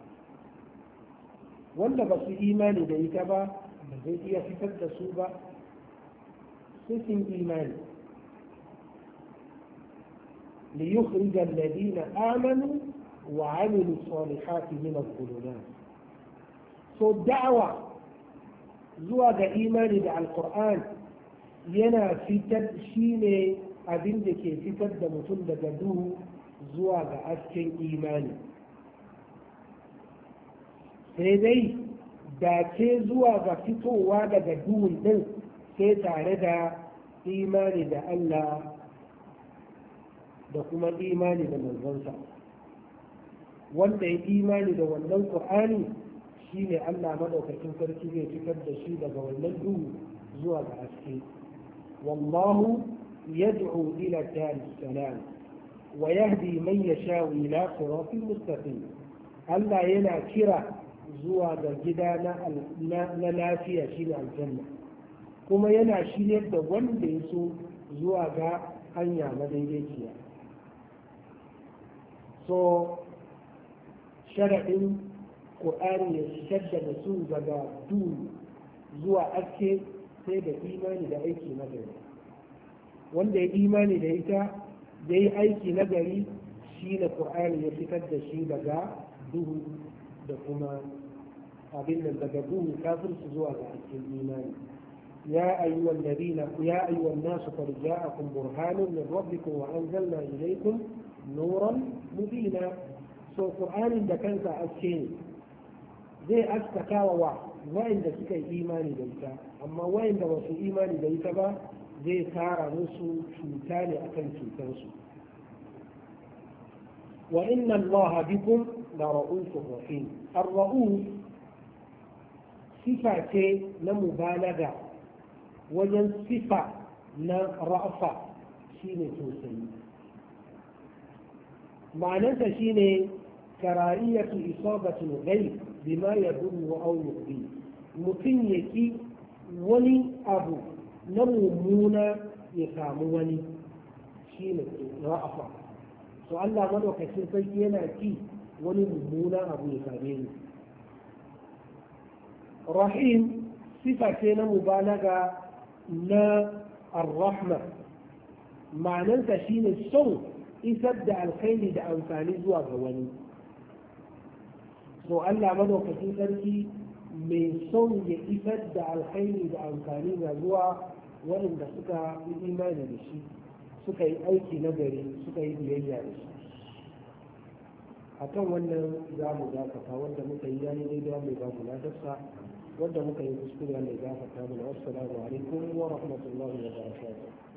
wanda ba su imani da ita ba ba zai iya fitar da su ba sai sun imani ليخرج الذين آمنوا وعملوا الصالحات من الظلمات so da'awa zuwa ga imani da alkur'an yana fitar shi ne abin da ke fitar da mutum daga duhu zuwa ga asken imani sai dai dace zuwa ga fitowa daga duhun ɗin sai tare da imani da allah da kuma imani da manzonsa. wanda ya imani da wannan ƙur'ani shine Allah maɗaukacin sarki zai fitar da shi daga wannan duhu zuwa ga haske wallahu yad'u ila daris salam wa yahdi man yasha'u ila siratin mustaqim Allah yana kira zuwa ga gida na lafiya shine aljanna kuma yana shiryar da wanda ya so zuwa ga hanya madaidaiciya so sharaɗin ƙur'ani ya shigar da su daga duhu zuwa aske sai da imani da aiki na gari wanda ya imani da ita ya yi aiki na gari shi da ƙur'ani ya fitar da shi daga duhu da kuma abin da daga duhu su zuwa ga cikin imani يا أيها الذين يا أيها الناس قد جاءكم برهان من ربكم وأنزلنا إليكم nuran mubina so da kansa aske ne zai askata wa wayanda suka yi imani da ita amma wayanda ba su imani da ita ba zai kara musu cuta ne akan cutarsu wa inna allaha bikum la ra'ufur rahim sifa ce na mubalaga wajen sifa na Ra'fa shine tausayi ma'anarsa shine karariyatu isabatul ghaib bima yadurru aw yughdi mutum yaki wani abu na mummuna ya samu wani shine ra'afa to Allah madaukakin sarki yana ki wani mummuna abu ya same ni rahim sifa ce na mubalaga na ar-rahma ma'anarsa shine son isar da alkhairi da amfani zuwa ga wani so Allah madaukakin sarki mai son ya isar da alkhairi da amfani ga zuwa waɗanda suka yi imani da shi suka yi aiki na gari suka yi biyayya da shi a kan wannan za mu dakata wanda muka yi yayi daidai mai ba mu ladarsa wanda muka yi kuskure mai dakata mana salamu alaikum wa rahmatullahi wa barakatuh